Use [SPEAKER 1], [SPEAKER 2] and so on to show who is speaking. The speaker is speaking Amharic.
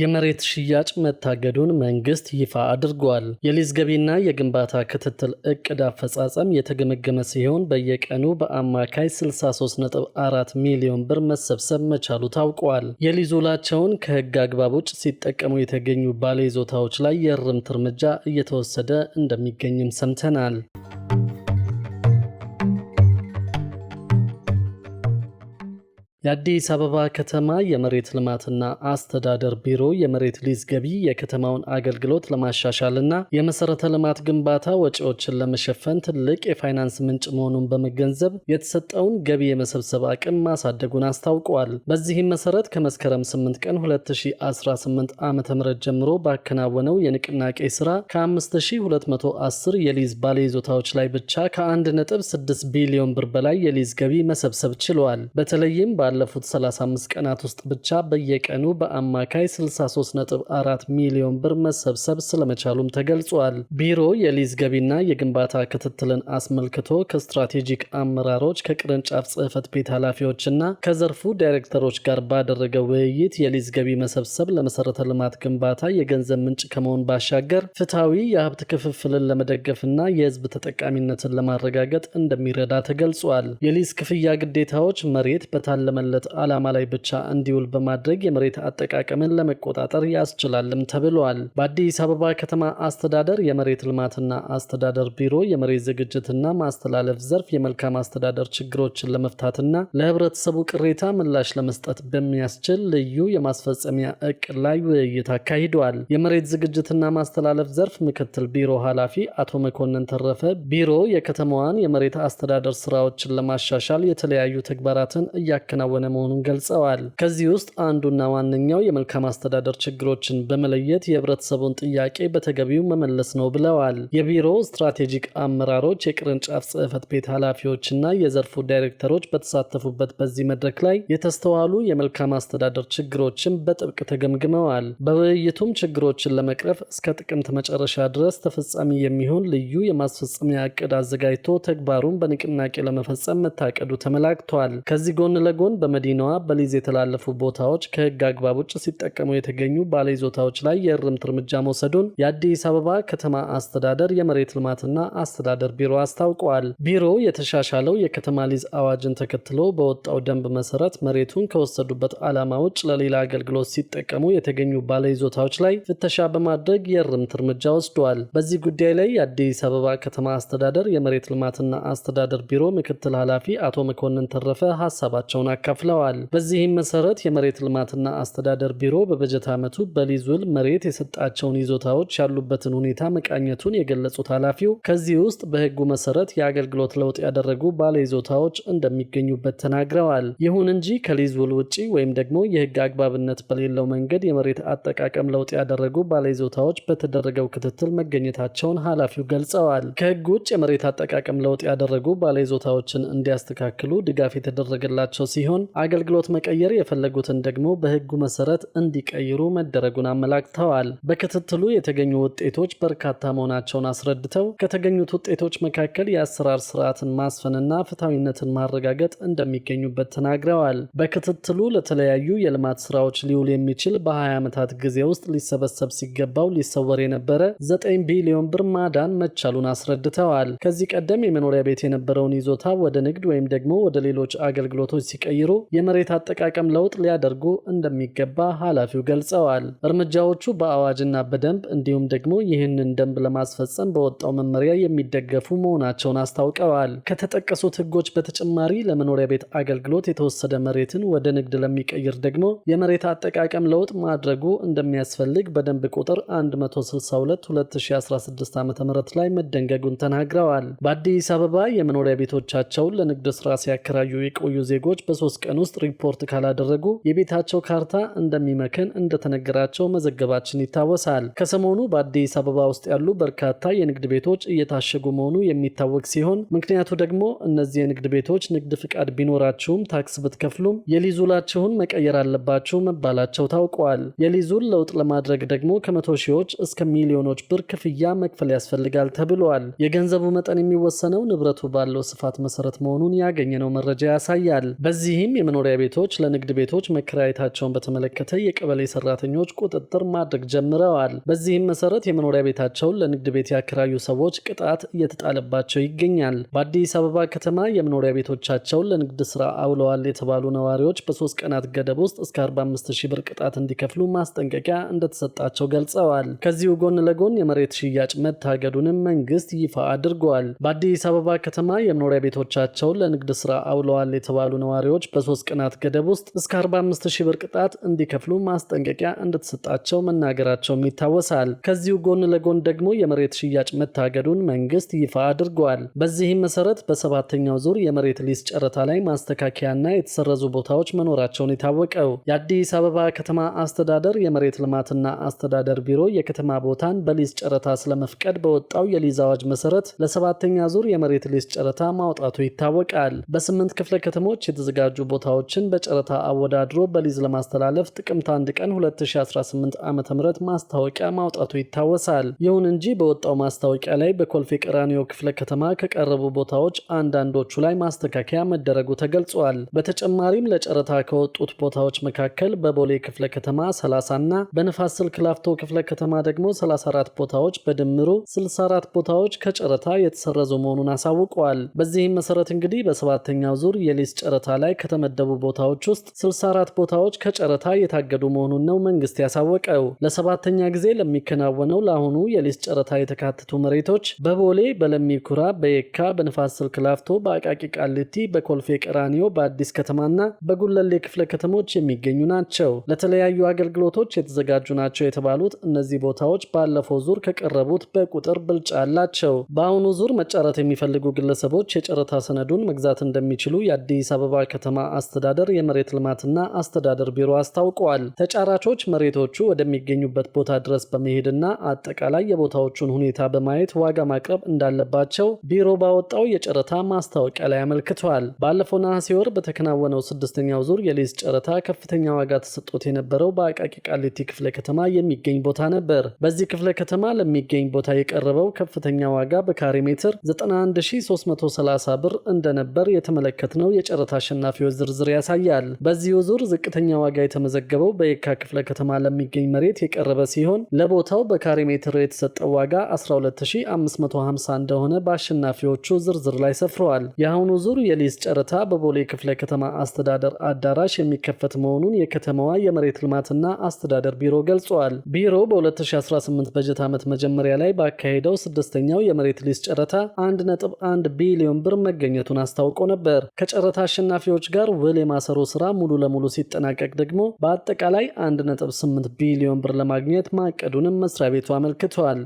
[SPEAKER 1] የመሬት ሽያጭ መታገዱን መንግስት ይፋ አድርጓል። የሊዝ ገቢና የግንባታ ክትትል እቅድ አፈጻጸም የተገመገመ ሲሆን በየቀኑ በአማካይ 63.4 ሚሊዮን ብር መሰብሰብ መቻሉ ታውቋል። የሊዝ ውላቸውን ከህግ አግባብ ውጭ ሲጠቀሙ የተገኙ ባለይዞታዎች ላይ የእርምት እርምጃ እየተወሰደ እንደሚገኝም ሰምተናል። የአዲስ አበባ ከተማ የመሬት ልማትና አስተዳደር ቢሮ የመሬት ሊዝ ገቢ የከተማውን አገልግሎት ለማሻሻልና የመሰረተ ልማት ግንባታ ወጪዎችን ለመሸፈን ትልቅ የፋይናንስ ምንጭ መሆኑን በመገንዘብ የተሰጠውን ገቢ የመሰብሰብ አቅም ማሳደጉን አስታውቀዋል። በዚህም መሰረት ከመስከረም 8 ቀን 2018 ዓ ም ጀምሮ ባከናወነው የንቅናቄ ስራ ከ5210 የሊዝ ባለይዞታዎች ላይ ብቻ ከ1.6 ቢሊዮን ብር በላይ የሊዝ ገቢ መሰብሰብ ችሏል። በተለይም ባለፉት 35 ቀናት ውስጥ ብቻ በየቀኑ በአማካይ 63.4 ሚሊዮን ብር መሰብሰብ ስለመቻሉም ተገልጿል። ቢሮ የሊዝ ገቢና የግንባታ ክትትልን አስመልክቶ ከስትራቴጂክ አመራሮች፣ ከቅርንጫፍ ጽህፈት ቤት ኃላፊዎችና ከዘርፉ ዳይሬክተሮች ጋር ባደረገው ውይይት የሊዝ ገቢ መሰብሰብ ለመሰረተ ልማት ግንባታ የገንዘብ ምንጭ ከመሆን ባሻገር ፍትሐዊ የሀብት ክፍፍልን ለመደገፍና የህዝብ ተጠቃሚነትን ለማረጋገጥ እንደሚረዳ ተገልጿል። የሊዝ ክፍያ ግዴታዎች መሬት በታለመ በታለመለት ዓላማ ላይ ብቻ እንዲውል በማድረግ የመሬት አጠቃቀምን ለመቆጣጠር ያስችላልም ተብሏል። በአዲስ አበባ ከተማ አስተዳደር የመሬት ልማትና አስተዳደር ቢሮ የመሬት ዝግጅትና ማስተላለፍ ዘርፍ የመልካም አስተዳደር ችግሮችን ለመፍታትና ለህብረተሰቡ ቅሬታ ምላሽ ለመስጠት በሚያስችል ልዩ የማስፈጸሚያ እቅድ ላይ ውይይት አካሂደዋል። የመሬት ዝግጅትና ማስተላለፍ ዘርፍ ምክትል ቢሮ ኃላፊ አቶ መኮንን ተረፈ ቢሮ የከተማዋን የመሬት አስተዳደር ስራዎችን ለማሻሻል የተለያዩ ተግባራትን እያከናወ እየተከናወነ መሆኑን ገልጸዋል። ከዚህ ውስጥ አንዱና ዋነኛው የመልካም አስተዳደር ችግሮችን በመለየት የህብረተሰቡን ጥያቄ በተገቢው መመለስ ነው ብለዋል። የቢሮ ስትራቴጂክ አመራሮች፣ የቅርንጫፍ ጽህፈት ቤት ኃላፊዎችና የዘርፉ ዳይሬክተሮች በተሳተፉበት በዚህ መድረክ ላይ የተስተዋሉ የመልካም አስተዳደር ችግሮችን በጥብቅ ተገምግመዋል። በውይይቱም ችግሮችን ለመቅረፍ እስከ ጥቅምት መጨረሻ ድረስ ተፈጻሚ የሚሆን ልዩ የማስፈጸሚያ እቅድ አዘጋጅቶ ተግባሩን በንቅናቄ ለመፈጸም መታቀዱ ተመላክቷል። ከዚህ ጎን ለጎን በመዲናዋ በሊዝ የተላለፉ ቦታዎች ከህግ አግባብ ውጭ ሲጠቀሙ የተገኙ ባለይዞታዎች ላይ የእርምት እርምጃ መውሰዱን የአዲስ አበባ ከተማ አስተዳደር የመሬት ልማትና አስተዳደር ቢሮ አስታውቀዋል። ቢሮው የተሻሻለው የከተማ ሊዝ አዋጅን ተከትሎ በወጣው ደንብ መሰረት መሬቱን ከወሰዱበት ዓላማ ውጭ ለሌላ አገልግሎት ሲጠቀሙ የተገኙ ባለይዞታዎች ላይ ፍተሻ በማድረግ የእርምት እርምጃ ወስደዋል። በዚህ ጉዳይ ላይ የአዲስ አበባ ከተማ አስተዳደር የመሬት ልማትና አስተዳደር ቢሮ ምክትል ኃላፊ አቶ መኮንን ተረፈ ሀሳባቸውን አካ ከፍለዋል። በዚህም መሰረት የመሬት ልማትና አስተዳደር ቢሮ በበጀት ዓመቱ በሊዝ ውል መሬት የሰጣቸውን ይዞታዎች ያሉበትን ሁኔታ መቃኘቱን የገለጹት ኃላፊው ከዚህ ውስጥ በሕጉ መሰረት የአገልግሎት ለውጥ ያደረጉ ባለ ይዞታዎች እንደሚገኙበት ተናግረዋል። ይሁን እንጂ ከሊዝ ውል ውጪ ወይም ደግሞ የሕግ አግባብነት በሌለው መንገድ የመሬት አጠቃቀም ለውጥ ያደረጉ ባለ ይዞታዎች በተደረገው ክትትል መገኘታቸውን ኃላፊው ገልጸዋል። ከህግ ውጭ የመሬት አጠቃቀም ለውጥ ያደረጉ ባለ ይዞታዎችን እንዲያስተካክሉ ድጋፍ የተደረገላቸው ሲሆን ሲሆን አገልግሎት መቀየር የፈለጉትን ደግሞ በህጉ መሰረት እንዲቀይሩ መደረጉን አመላክተዋል። በክትትሉ የተገኙ ውጤቶች በርካታ መሆናቸውን አስረድተው ከተገኙት ውጤቶች መካከል የአሰራር ስርዓትን ማስፈንና ፍትሐዊነትን ማረጋገጥ እንደሚገኙበት ተናግረዋል። በክትትሉ ለተለያዩ የልማት ስራዎች ሊውል የሚችል በ20 ዓመታት ጊዜ ውስጥ ሊሰበሰብ ሲገባው ሊሰወር የነበረ 9 ቢሊዮን ብር ማዳን መቻሉን አስረድተዋል። ከዚህ ቀደም የመኖሪያ ቤት የነበረውን ይዞታ ወደ ንግድ ወይም ደግሞ ወደ ሌሎች አገልግሎቶች ሲቀይሩ ቢሮ የመሬት አጠቃቀም ለውጥ ሊያደርጉ እንደሚገባ ኃላፊው ገልጸዋል። እርምጃዎቹ በአዋጅና በደንብ እንዲሁም ደግሞ ይህንን ደንብ ለማስፈጸም በወጣው መመሪያ የሚደገፉ መሆናቸውን አስታውቀዋል። ከተጠቀሱት ህጎች በተጨማሪ ለመኖሪያ ቤት አገልግሎት የተወሰደ መሬትን ወደ ንግድ ለሚቀይር ደግሞ የመሬት አጠቃቀም ለውጥ ማድረጉ እንደሚያስፈልግ በደንብ ቁጥር 162 2016 ዓ ም ላይ መደንገጉን ተናግረዋል። በአዲስ አበባ የመኖሪያ ቤቶቻቸውን ለንግድ ስራ ሲያከራዩ የቆዩ ዜጎች በሶስት በሶስት ቀን ውስጥ ሪፖርት ካላደረጉ የቤታቸው ካርታ እንደሚመከን እንደተነገራቸው መዘገባችን ይታወሳል። ከሰሞኑ በአዲስ አበባ ውስጥ ያሉ በርካታ የንግድ ቤቶች እየታሸጉ መሆኑ የሚታወቅ ሲሆን ምክንያቱ ደግሞ እነዚህ የንግድ ቤቶች ንግድ ፍቃድ ቢኖራችሁም ታክስ ብትከፍሉም የሊዙላችሁን መቀየር አለባችሁ መባላቸው ታውቋል። የሊዙን ለውጥ ለማድረግ ደግሞ ከመቶ ሺዎች እስከ ሚሊዮኖች ብር ክፍያ መክፈል ያስፈልጋል ተብሏል። የገንዘቡ መጠን የሚወሰነው ንብረቱ ባለው ስፋት መሰረት መሆኑን ያገኘነው መረጃ ያሳያል። በዚህ በዚህም የመኖሪያ ቤቶች ለንግድ ቤቶች መከራየታቸውን በተመለከተ የቀበሌ ሰራተኞች ቁጥጥር ማድረግ ጀምረዋል። በዚህም መሰረት የመኖሪያ ቤታቸውን ለንግድ ቤት ያከራዩ ሰዎች ቅጣት እየተጣለባቸው ይገኛል። በአዲስ አበባ ከተማ የመኖሪያ ቤቶቻቸውን ለንግድ ስራ አውለዋል የተባሉ ነዋሪዎች በሶስት ቀናት ገደብ ውስጥ እስከ 45 ሺህ ብር ቅጣት እንዲከፍሉ ማስጠንቀቂያ እንደተሰጣቸው ገልጸዋል። ከዚሁ ጎን ለጎን የመሬት ሽያጭ መታገዱንም መንግስት ይፋ አድርጓል። በአዲስ አበባ ከተማ የመኖሪያ ቤቶቻቸውን ለንግድ ስራ አውለዋል የተባሉ ነዋሪዎች በሶስት ቀናት ገደብ ውስጥ እስከ 45 ሺህ ብር ቅጣት እንዲከፍሉ ማስጠንቀቂያ እንደተሰጣቸው መናገራቸውም ይታወሳል። ከዚሁ ጎን ለጎን ደግሞ የመሬት ሽያጭ መታገዱን መንግስት ይፋ አድርጓል። በዚህም መሰረት በሰባተኛው ዙር የመሬት ሊስ ጨረታ ላይ ማስተካከያና የተሰረዙ ቦታዎች መኖራቸውን የታወቀው የአዲስ አበባ ከተማ አስተዳደር የመሬት ልማትና አስተዳደር ቢሮ የከተማ ቦታን በሊስ ጨረታ ስለመፍቀድ በወጣው የሊዝ አዋጅ መሰረት ለሰባተኛ ዙር የመሬት ሊስ ጨረታ ማውጣቱ ይታወቃል። በስምንት ክፍለ ከተሞች የተዘጋጁ የተዘጋጁ ቦታዎችን በጨረታ አወዳድሮ በሊዝ ለማስተላለፍ ጥቅምት አንድ ቀን 2018 ዓ ም ማስታወቂያ ማውጣቱ ይታወሳል። ይሁን እንጂ በወጣው ማስታወቂያ ላይ በኮልፌ ቀራኒዮ ክፍለ ከተማ ከቀረቡ ቦታዎች አንዳንዶቹ ላይ ማስተካከያ መደረጉ ተገልጿል። በተጨማሪም ለጨረታ ከወጡት ቦታዎች መካከል በቦሌ ክፍለ ከተማ 30 እና በንፋስ ስልክ ላፍቶ ክፍለ ከተማ ደግሞ 34 ቦታዎች በድምሩ 64 ቦታዎች ከጨረታ የተሰረዙ መሆኑን አሳውቋል። በዚህም መሰረት እንግዲህ በሰባተኛው ዙር የሊዝ ጨረታ ላይ ከተመደቡ ቦታዎች ውስጥ 64 ቦታዎች ከጨረታ የታገዱ መሆኑን ነው መንግስት ያሳወቀው። ለሰባተኛ ጊዜ ለሚከናወነው ለአሁኑ የሊዝ ጨረታ የተካተቱ መሬቶች በቦሌ፣ በለሚኩራ፣ በየካ፣ በንፋስ ስልክ ላፍቶ፣ በአቃቂ ቃሊቲ፣ በኮልፌ ቀራኒዮ፣ በአዲስ ከተማና በጉለሌ ክፍለ ከተሞች የሚገኙ ናቸው። ለተለያዩ አገልግሎቶች የተዘጋጁ ናቸው የተባሉት እነዚህ ቦታዎች ባለፈው ዙር ከቀረቡት በቁጥር ብልጫ አላቸው። በአሁኑ ዙር መጫረት የሚፈልጉ ግለሰቦች የጨረታ ሰነዱን መግዛት እንደሚችሉ የአዲስ አበባ ከተማ አስተዳደር የመሬት ልማትና አስተዳደር ቢሮ አስታውቀዋል። ተጫራቾች መሬቶቹ ወደሚገኙበት ቦታ ድረስ በመሄድና አጠቃላይ የቦታዎቹን ሁኔታ በማየት ዋጋ ማቅረብ እንዳለባቸው ቢሮ ባወጣው የጨረታ ማስታወቂያ ላይ አመልክተዋል። ባለፈው ነሐሴ ወር በተከናወነው ስድስተኛው ዙር የሊዝ ጨረታ ከፍተኛ ዋጋ ተሰጥቶት የነበረው በአቃቂ ቃሊቲ ክፍለ ከተማ የሚገኝ ቦታ ነበር። በዚህ ክፍለ ከተማ ለሚገኝ ቦታ የቀረበው ከፍተኛ ዋጋ በካሬ ሜትር 91330 ብር እንደነበር የተመለከትነው የጨረታ አሸናፊዎች ነጋዴዎች ዝርዝር ያሳያል። በዚሁ ዙር ዝቅተኛ ዋጋ የተመዘገበው በየካ ክፍለ ከተማ ለሚገኝ መሬት የቀረበ ሲሆን ለቦታው በካሬ ሜትር የተሰጠው ዋጋ 12550 እንደሆነ በአሸናፊዎቹ ዝርዝር ላይ ሰፍረዋል። የአሁኑ ዙር የሊዝ ጨረታ በቦሌ ክፍለ ከተማ አስተዳደር አዳራሽ የሚከፈት መሆኑን የከተማዋ የመሬት ልማትና አስተዳደር ቢሮ ገልጿል። ቢሮ በ2018 በጀት ዓመት መጀመሪያ ላይ ባካሄደው ስድስተኛው የመሬት ሊዝ ጨረታ 1.1 ቢሊዮን ብር መገኘቱን አስታውቆ ነበር። ከጨረታ አሸናፊዎች ጋር በስተቀር ውል የማሰሩ ስራ ሙሉ ለሙሉ ሲጠናቀቅ ደግሞ በአጠቃላይ 1.8 ቢሊዮን ብር ለማግኘት ማቀዱንም መስሪያ ቤቱ አመልክቷል።